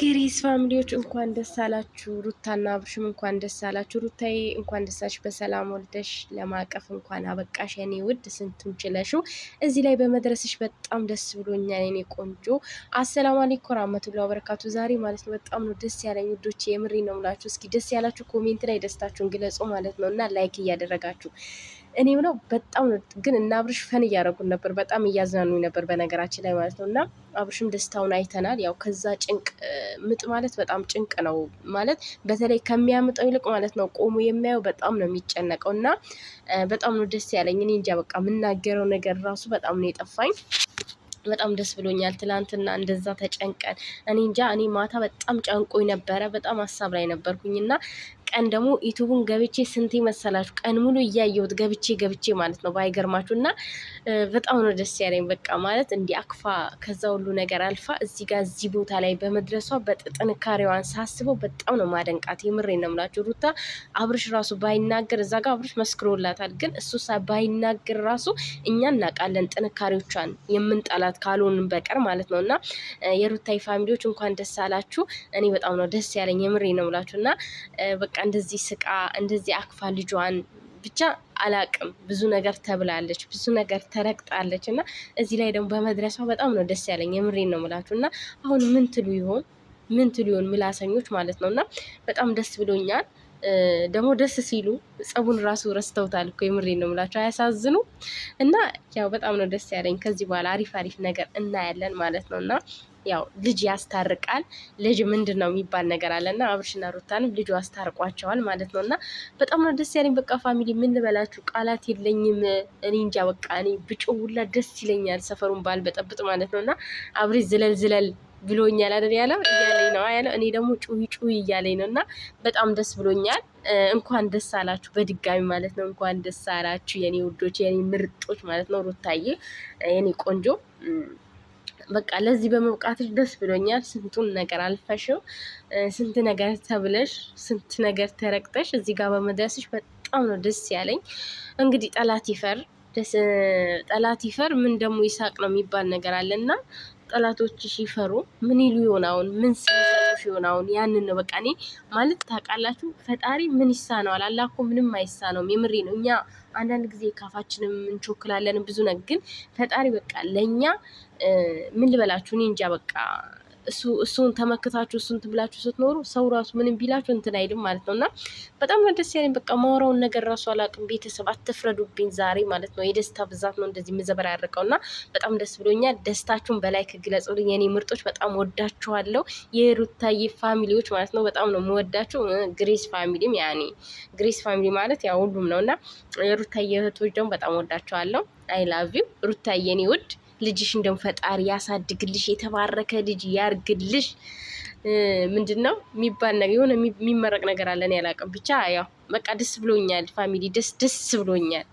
ግሪስ ፋሚሊዎች እንኳን ደስ አላችሁ። ሩታና አብርሽም እንኳን ደስ አላችሁ። ሩታዬ እንኳን ደሳሽ በሰላም ወልደሽ ለማቀፍ እንኳን አበቃሽ የኔ ውድ፣ ስንቱን ችለሽው እዚህ ላይ በመድረስሽ በጣም ደስ ብሎኛል የኔ ቆንጆ። አሰላሙ አለይኩም ወራህመቱላሂ ወበረካቱ። ዛሬ ማለት ነው በጣም ነው ደስ ያለኝ ውዶች፣ የምሬ ነው ምላችሁ። እስኪ ደስ ያላችሁ ኮሜንት ላይ ደስታችሁን ግለጹ ማለት ነው እና ላይክ እያደረጋችሁ እኔ ብለው በጣም ግን እና አብርሽ ፈን እያደረጉን ነበር፣ በጣም እያዝናኑ ነበር በነገራችን ላይ ማለት ነው። እና አብርሽም ደስታውን አይተናል። ያው ከዛ ጭንቅ ምጥ ማለት በጣም ጭንቅ ነው ማለት በተለይ ከሚያምጠው ይልቅ ማለት ነው ቆሞ የሚያየው በጣም ነው የሚጨነቀው። እና በጣም ነው ደስ ያለኝ። እኔ እንጃ በቃ የምናገረው ነገር ራሱ በጣም ነው የጠፋኝ። በጣም ደስ ብሎኛል። ትላንትና እንደዛ ተጨንቀን እኔ እንጃ እኔ ማታ በጣም ጨንቆኝ ነበረ። በጣም ሀሳብ ላይ ነበርኩኝ እና ቀን ደግሞ ዩቱቡን ገብቼ ስንት መሰላችሁ ቀን ሙሉ እያየሁት ገብቼ ገብቼ ማለት ነው ባይገርማችሁ። እና በጣም ነው ደስ ያለኝ በቃ ማለት እንዲህ አክፋ ከዛ ሁሉ ነገር አልፋ እዚህ ጋር እዚህ ቦታ ላይ በመድረሷ በጥንካሬዋን ሳስበው በጣም ነው ማደንቃት። የምሬ ነው የምላችሁ። ሩታ አብርሽ ራሱ ባይናገር እዛ ጋር አብርሽ መስክሮላታል፣ ግን እሱ ባይናገር ራሱ እኛ እናውቃለን ጥንካሬዎቿን የምንጠላት ካልሆንን በቀር ማለት ነው እና የሩታይ ፋሚሊዎች እንኳን ደስ አላችሁ። እኔ በጣም ነው ደስ ያለኝ የምሬ ነው እና በቃ እንደዚህ ስቃ እንደዚህ አክፋ ልጇን ብቻ አላቅም ብዙ ነገር ተብላለች፣ ብዙ ነገር ተረግጣለች። እና እዚህ ላይ ደግሞ በመድረሷ በጣም ነው ደስ ያለኝ። የምሬን ነው የምላችሁ። እና አሁን ምን ትሉ ይሆን ምን ትሉ ይሆን ምላሰኞች ማለት ነው። እና በጣም ደስ ብሎኛል። ደግሞ ደስ ሲሉ ጸቡን ራሱ ረስተውታል እኮ የምሬ ነው ምላቸው አያሳዝኑ እና ያው በጣም ነው ደስ ያለኝ። ከዚህ በኋላ አሪፍ አሪፍ ነገር እናያለን ማለት ነው እና ያው ልጅ ያስታርቃል። ልጅ ምንድን ነው የሚባል ነገር አለና አብርሽና ሩታንም ልጁ አስታርቋቸዋል ማለት ነው እና በጣም ነው ደስ ያለኝ። በቃ ፋሚሊ ምን ልበላችሁ፣ ቃላት የለኝም እኔ እንጃ። በቃ እኔ ደስ ይለኛል፣ ሰፈሩን ባልበጠብጥ ማለት ነው እና አብሬ ዝለል ዝለል ብሎኛል አይደል ያለው እያለኝ ነው ያለው። እኔ ደግሞ ጩይ ጩይ እያለኝ ነው እና በጣም ደስ ብሎኛል። እንኳን ደስ አላችሁ በድጋሚ ማለት ነው። እንኳን ደስ አላችሁ የኔ ውዶች፣ የኔ ምርጦች ማለት ነው። ሩታዬ የኔ ቆንጆ በቃ ለዚህ በመብቃትሽ ደስ ብሎኛል። ስንቱን ነገር አልፈሽው ስንት ነገር ተብለሽ ስንት ነገር ተረቅጠሽ እዚህ ጋር በመድረስሽ በጣም ነው ደስ ያለኝ። እንግዲህ ጠላት ይፈር ጠላት ይፈር ምን ደግሞ ይሳቅ ነው የሚባል ነገር አለ እና ጠላቶች ሲፈሩ ምን ይሉ ይሆን? አሁን ምን ሲሰጡሽ ይሆን? አሁን ያንን ነው በቃ እኔ ማለት ታውቃላችሁ፣ ፈጣሪ ምን ይሳነዋል? አላህ እኮ ምንም አይሳነውም። የምሬ ነው። እኛ አንዳንድ ጊዜ ካፋችንም እንቾክላለን ብዙ ነገር፣ ግን ፈጣሪ በቃ ለእኛ ምን ልበላችሁ እኔ እንጃ በቃ እሱን ተመክታችሁ እሱን ትብላችሁ ስትኖሩ ሰው ራሱ ምንም ቢላችሁ እንትን አይልም ማለት ነው። እና በጣም ነው ደስ ያለኝ። በቃ ማውራውን ነገር ራሱ አላውቅም። ቤተሰብ አትፍረዱብኝ ዛሬ ማለት ነው። የደስታ ብዛት ነው እንደዚህ የምዘበራርቀው እና በጣም ደስ ብሎኛል። ደስታችሁን በላይክ ግለጹልኝ የኔ ምርጦች። በጣም ወዳችኋለሁ የሩታዬ ፋሚሊዎች ማለት ነው። በጣም ነው የምወዳችሁ። ግሬስ ፋሚሊም ያኔ ግሬስ ፋሚሊ ማለት ያው ሁሉም ነው እና ሩታዬ እህቶች ደግሞ በጣም ወዳችኋለሁ። አይ ላቭ ዩ ሩታዬ የኔ ውድ ልጅሽ እንደም ፈጣሪ ያሳድግልሽ፣ የተባረከ ልጅ ያርግልሽ። ምንድን ነው የሚባል ነገር የሆነ የሚመረቅ ነገር አለን ያላቅም ብቻ ያው በቃ ደስ ብሎኛል ፋሚሊ፣ ደስ ደስ ብሎኛል።